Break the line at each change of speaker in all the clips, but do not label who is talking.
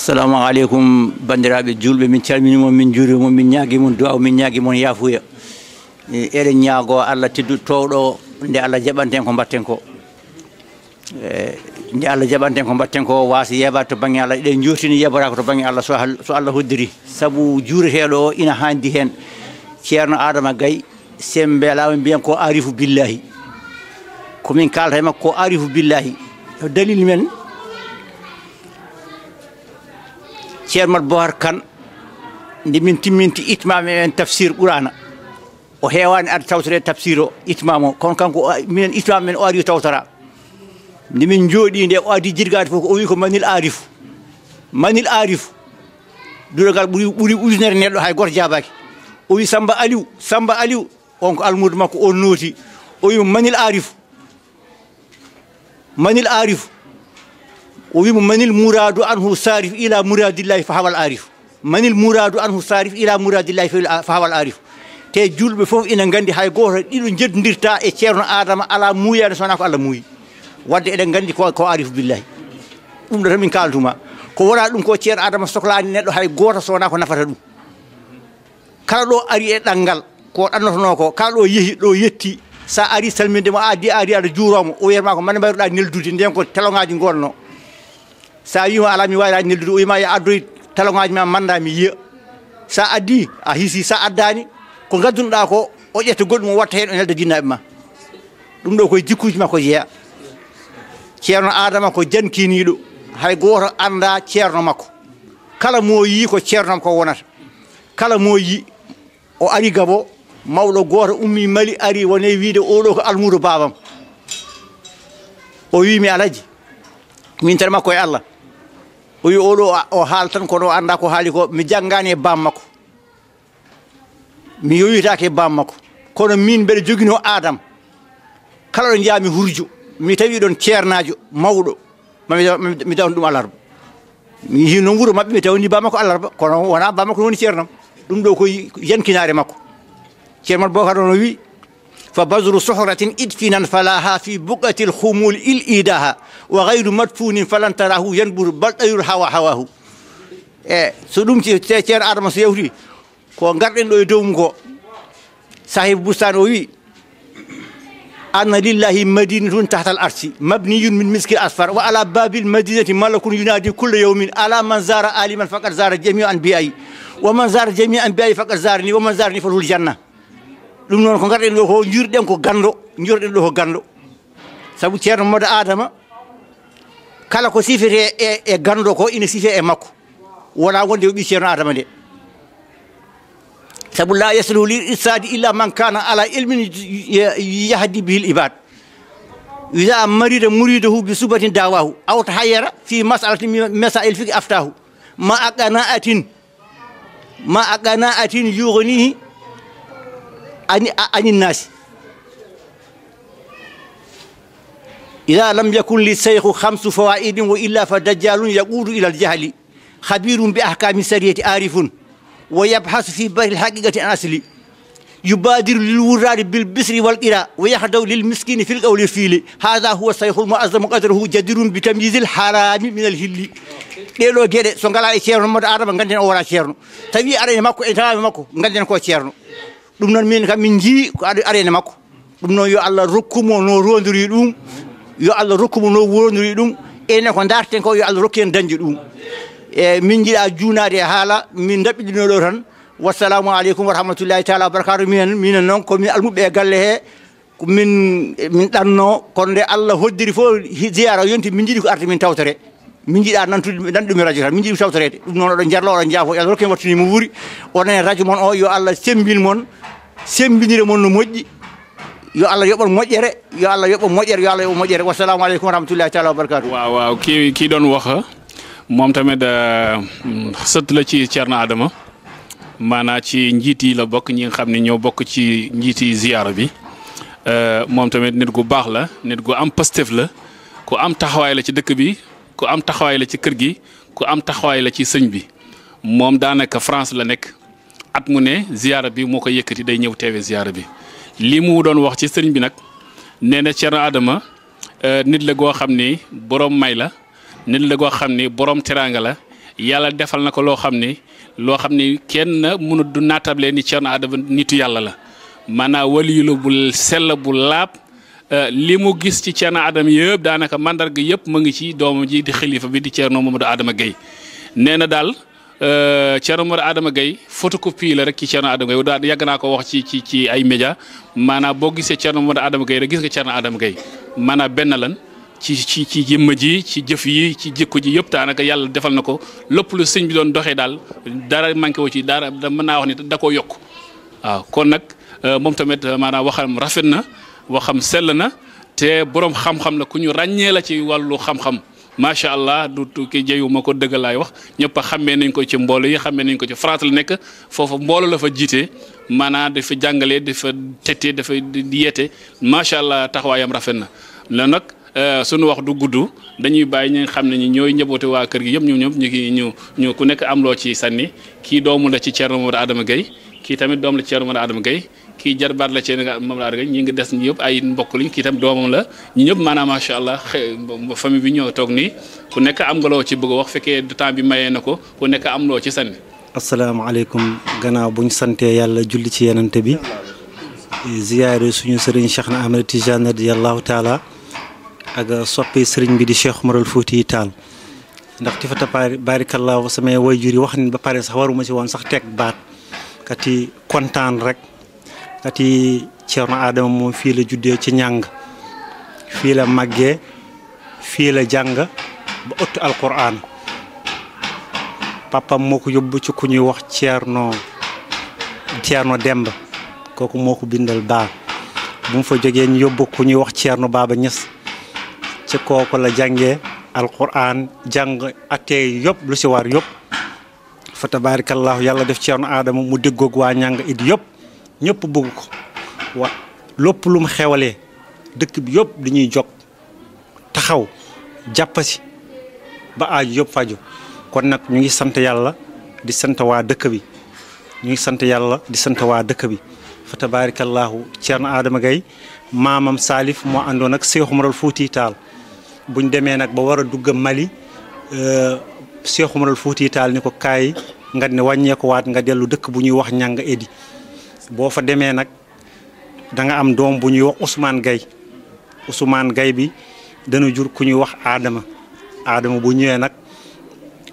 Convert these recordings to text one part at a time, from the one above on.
assalamu aleykum bandiraɓe julɓe min calminimon min juurimon min ñaguimon duwaw min ñaguimon yafuya eɗen ñaago allah teddu towɗo nde allah jaɓanten ko mbatten eh, nde allah jaɓanten ko mbatten ko wasa yeɓade to to banggue allah so allah hoddiri saabu juureteɗo o ina handi hen ceerno adama gaye sen beelama mbiyen ko arifu billahi komin kalata e makko ko arifu billahi dalil men ceermal bohar kane nde min timminti itmame en tafsir ɓurana o hewani arde tawtore e tafsir o itmam o kono kanko minen itmam men o ari tawtara nde min jooɗi nde o adi jirgade fof o wi ko manil arifu manil arifu durogal ɓuuri ɓuuri ujunere neɗɗo hay goto jabaki o wi samba aliou samba aliou on ko almudo makko on nooti o wima manil arifu manil arifu o wiimo manil mouradu anhu sarif ila mouradillahi fa hawal arifu manil mouradu anhu sarif ila mouradillahi fa hawal arifu te julɓe fof ina gandi hay goto ɗiɗo jeddodirta e ceerno adama ala muuyani sowona allah muuyi wadde eɗen gandi ko arifu billahi ɗum ɗo tan min kalduma ko wona ɗum ko ceerno adama sohlani neɗɗo hay goto sowona nafata ɗum kala ɗo ari e ɗanngal ko ɗannotono kala ɗo yeehi ɗo yetti sa salminde mo a sa wima ala mi wayraji neldude o wima yo addoy taloŋaji ma manda mi yiya sa addi a hiisi sa addani ko gaddunoɗa ko o ƴetta goɗɗum o watta hen o nelda jinnaɓe ma ɗum ɗo koye jikkuji ma ko yeeya ceerno adama ko jankiniɗo hay goto anda ceerno makko kala mo yi ko ceernam ko wonata kala mo o ari gabo mawɗo goto ummi mali ari wone wiide oɗo ko almudo babam o wimi alaji min tan makko e allah o wi o haal tan kono o annda ko haali ko mi janngani e bam makko mi yoyitaki e bam makko kono min mbeɗa jogino adam kala ɗo jeeya mi hurjo mi tawi ɗon ceernajo mawɗo mami dawna ɗum alarba mi yi noon wuuro mabɓe mi tawni ba makko alarba kono wona ba makko woni ceernam ɗum ɗo ko yankinare makko ceermat bocar ono wi fa basru sohratin idfinan falaha fi buqati l humul il wa gayru madfunin falan tarahu yanburu bal ɗayru hawa hawahu e, so ɗum ceerno adama so yewti ko garɗen ɗo e dow mum ko sahibu boustane o wi anna lillahi madinatun tahta arsi mabniyun min miski asfar wa ala babil madinati malakun yunadi kulla yawmin ala man aliman faqad zara jamiu an biyayi wa man zara an biyayi faqad zarani wa man zarani fatul janna ɗum noon ko garɗen ɗo ko jurɗen ko gando jurɗen ɗo ko gando kala ko sifete e e ko ina sife e makko wona wonde o e ɓi ceerno adama nde saabu la yasluhu lil issadi illa man kana ala ilmin yahdi bihil ibad wida marida muridahu bi subatin dawahu awta hayyara fi masalati masail fiki aftahu ma a qana'atin ma a qana'atin yughnihi ani ani nasi ida lam yakun li seyhu xamsu fawaidin wa illa fa dajjalun yaquudu ila aljahli xabirum bi ahkami sariyati arifun wa yabhasu fi bari lhaqiqati an asli yubadiru lil wurradi bil bisri wal qira wa yahdaw lil miskini fil qawli fiili hada huwa seyhu lmuazzamu qadruhu jadirun bi tamyise lharami min alhilli ɗeɗo gueɗe so ngala e ceerno modo adama ganden o wona ceerno tawi arene makko e tawami makko ganden ko ceerno ɗum noon min kam min jii ko yo allah rokkumo no woniri ɗum ene ko darten ko yo allah rokku en dañde ɗum e min jiiɗa juunade e haala min daɓɓiɗinoɗo tan wassalamu aleykum wa rahmatullahi taala wabarakatu minen minen noon komin almuɓe e galle he min min kono nde allah hoddiri fof ziyara yonti min jiiɗi ko arde min tawtere min jiiɗa nantude nanɗumi e radio tan min jiiɗi tawtorede ɗum noon oɗon jarlo oɗon jaafo allah rokki en wattanimo wuuri onon e radio o yo allah yo allah yoɓon moƴƴere yo allah yoɓo moƴƴere yo allah yoɓo moƴƴere wassalamu aleykum wa rahmatullahi taala wa waaw waaw
kii kii doon wax moom tamit euh, sët la ci Thierno Adama maanaa ci njiit yi la bokk ñi nga xam ni ñoo bokk ci njiiti yi ziyaara bi euh, moom tamit nit gu baax la nit gu am pastef la ku am taxawaay la ci dëkk bi ku am taxawaay la ci kër gi ku am taxawaay la ci sëñ bi moom daanaka France la nekk at mu ne ziyaara bi moo ko yëkkati day ñëw teewe ziyaara bi lii mu doon wax ci sëriñ bi nag nee na Thierno Adama euh, nit la goo xam ni boroom may la nit la goo xam ni boroom teraanga la yàlla defal na ko loo xam ni loo xam ni kenn mënut du naatable ni Thierno Adama nitu yàlla la maanaam waliyu la bu sell bu laab. Euh, li mu gis ci Thierno Adama yëpp daanaka màndarga yëpp mu ngi ci doomam ji di xalifa bi di Thierno Mamadou Adama Guèye nee daal. Euh, Thierno Mor Adama Gueye photocopie la rek ci Thierno Adama Gueye daal yàgg naa ko wax ci ci ci ay média maanaam boo gisee Thierno Mor Adama Gueye rek gis nga Adama gay maanaam benn lan ci ci ci jëmm ji ci jëf yi ci jikko ji yëpp daanaka yàlla defal na ko lépp lu sëñ bi doon doxee daal dara manqué wu ci dara mën naa wax ni da koo yokk waaw kon nag euh, moom tamit euh, maanaam waxam rafet na waxam sell na te boroom xam-xam la ku ñu ràññee la ci wàllu xam-xam. macha allah du tukki jeyuma ko dëgg laay wax ñëpp a xàmmee nañ ko ci mbool yi xàmmee nañ ko ci France la nekk foofu mboolo la fa jiite maanaam dafa jàngalee dafa tette dafa yeete macha allah taxawaayam rafet na la nag euh, suñu wax du gudd dañuy bàyyi ñu nga xam ne ñi ñooy njaboote waa kër gi yëpp ñu ñëpp ñu ngi ñu ñu ku nekk am loo ci sànni kii doomu la ci Thierno Mamadou Adama Gueye kii tamit doom la ci Thierno Mamadou Adama gay kii jarbaat la ci nga moom laa ñi ngi des ñi yëpp ay mbokk liñ kii tam doomam la ñu ñëpp maanaam macha allah famille bi ñoo toog nii ku nekk am nga loo ci bëgg wax fekkee temps bi mayee na ko ku nekk am loo ci sànni.
asalaamaaleykum gannaaw bu ñu santee yàlla julli ci yenante bi ziyaare suñu sëriñ Cheikh na Ahmed Tijaan radiyallahu taala ak soppi sëriñ bi di Cheikh Oumar Foutiyou Tall ndax ti fa tapaari baarikallaahu samay way jur yi wax ni ba pare sax waruma ci woon sax teg baat kati kontaan rek. ati Thierno Adama moom fii la judde ci ñàng fii la màggee fii la jàng ba ëtt alquran papam moo ko yóbbu ci ku ñuy wax Thierno Thierno Demba kooku moo ko bindal baa bu fa jógee ñu yóbbu ku ñuy wax Thierno Baba Niass ci kooku la jàngee alquran jàng atee yëpp lu si war yëpp fa tabarakallahu yàlla def Thierno Adama mu déggoog waa ñàng it yëpp ñëpp bëgg ko wa lépp lu mu xewalee dëkk bi yëpp dañuy jog taxaw jàppasi ba aaju yëpp faju kon nag ñu ngi sant yàlla di sant waa dëkk bi ñu ngi sant yàlla di sant waa dëkk bi fa tabaarakallaahu Ceerno Adama gay maamam Salif moo àndoon ak Seex Umaral Fuuti Taal buñ demee nag ba war a dugg Mali euh, Seex Umaral Fuuti Taal ni ko kaay nga ne wàññeeku waat nga dellu dëkk bu ñuy wax ñàng edi boo fa demee nag danga am doom bu ñuy wax usmaan gay Ousmane Gaye bi dana jur ku ñuy wax Adama Adama bu ñëwee nag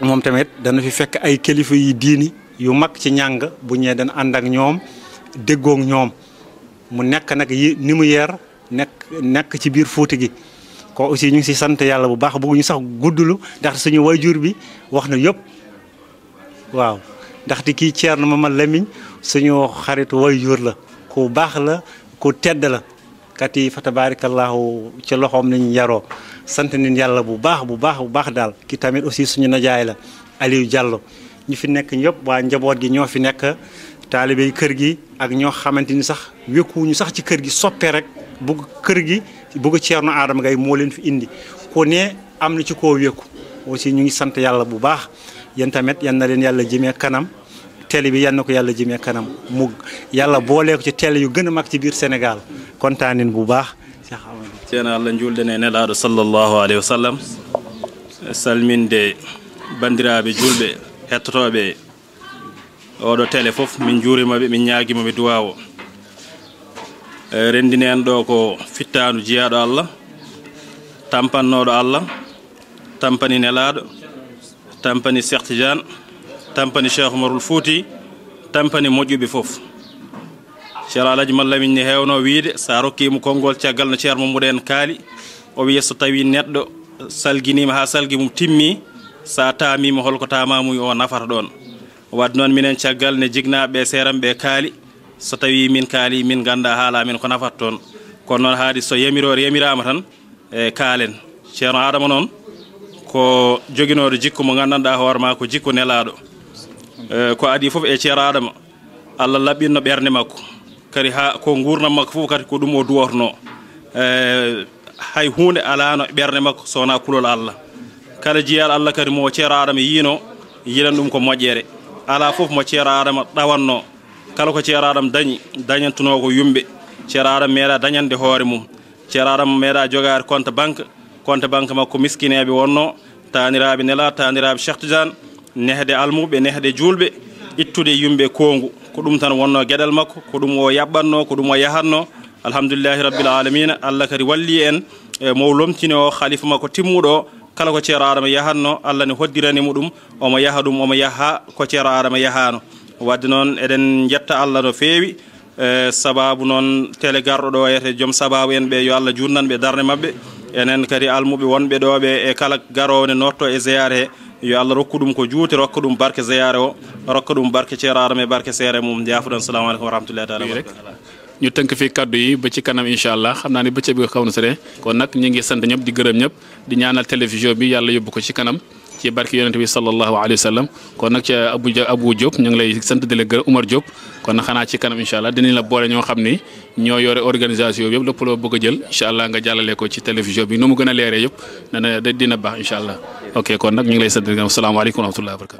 moom tamit dana fi fekk ay kilifa yi diini yu mag ci ñàng bu ñëwee dana ànd ak ñoom déggoog ñoom mu nekk nag yi ni mu yeer nekk ci biir Fuuta gi ko aussi ñu ngi si sant yàlla bu baax bëgguñu sax guddulu ndax suñu wayjur bi wax na yépp waaw ndaxte kii Thierno Mama Lamine suñu xaritu waajur la ku baax la ku tedd la kat yi fa tabarakallahu ci loxoom nañu yaroo sant nañu yàlla bu baax bu baax bu baax daal ki tamit aussi suñu najaay la Aliou jàlloo ñu fi nekk ñëpp waa njaboot gi ñoo fi nekk taalibe kër gi ak ñoo xamante ni sax wékkuwuñu sax ci kër gi soppee rek bugg kër gi bugg na Adama ngay moo leen fi indi ku ne am na ci koo wékku aussi ñu ngi sant yàlla bu baax yéen tamit yan na leen yàlla jëmee kanam télé bi yal na ko yàlla jëmee kanam mu yàlla boolee ko ci yu gën a mag ci biir senegal kontaanin bu baax Cheikh
Amadou ceerno allah julde ne nelaaɗo sallllahu alayhi wa sallam salminde bandiraɓe julɓe hettotoɓe oɗo télé fof min juurimaɓe min ñaaguimaɓe duwa o renndini en ɗo ko fittandu jeyaɗo allah tampannoɗo allah tampani nelaaɗo tampani cheikh tampani cheikh umarul fuuti tampani moƴƴuɓe fof ceerno alaji mallamin ni hewno wiide sa rokkima konngol caggal no ceerno mamuɗo en kaali o wiya so tawi neɗɗo salguinima ha salgui mum timmi sa tamima holko tamamuy o nafata ɗon wadde noon minen caggal ne jignaɓe e seeram ɓe e kaali so tawi min kaali min ganda haala min ko nafata toon kono noon haadi so yamirore yamirama tan e kaalen ceerno adama noon ko joguinoɗo jikku mo gandanɗa hoore ma Eh, ko adi fof e ceeraɗo ma allah laɓɓinno ɓernde makko kadi ha ko gurdam makko fof kadi ko ɗum o duwotono eh, hay hunde alano ɓernde makko sowona kulol allah kala jeyal allah kadi mo ceero adama yiino yilan ɗum ko moƴƴere ala fof mo ceero adama ɗawanno kala ko ceero adama dañi dañantuno ko yumɓe ceero adama meeɗa dañande hoore mum ceero adama meeɗa jogade compte banque compte banque makko miskineɓe wonno taniraɓe nela taniraɓe cheikh nehde almuɓe nehde julɓe ittude yumɓe kongu ko ɗum tan wonno gueɗal makko ko ɗum o yaɓɓanno ko ɗum o yahatno alhamdulillahi rabbil alamina allah kadi walli en e, mo lomtini o halifa makko timmuɗo o kala ko ceero adama yahatno allah ne hoddiranimo ɗum omo yaha ɗum omo yaha ko ceero adama yahano wadde noon eɗen jetta allah no feewi e, sababu noon télé garɗo ɗo yete joom sababu en ɓe allah jutnan ɓe darde enen kadi almuɓe wonɓe ɗo ɓe e kala yo allah rokku ɗum ko juuti rokka ɗum barke zeyare o rokka ɗum barke
ceerare me barke seere mum jafuɗon salamu aleykum wa rahmatullahi rek ñu tënk fii kaddu yi ba ci kanam incha allah xam naa ni bëccëg bi xaw na sore kon nag ñu ngi sant ñëpp di gërëm ñëpp di ñaanal télévision bi yàlla yóbbu ko ci kanam ci barke yonente bi sallallahu alayhi wa sallam kon nag ca Abu Abou Diop ñu ngi lay sant di la gërëm Umar Diop kon nag xanaa ci kanam incha allah dinañ la boole ñoo xam ni ñoo yore organisation bi yëpp lépp loo bëgg a jël incha allah nga jàllale ko ci télévision bi nu mu gën a leeree yëpp dana dina baax incha allah ok kon nag ñu ngi lay sant di nga salaamaaleykum wa rahmatulah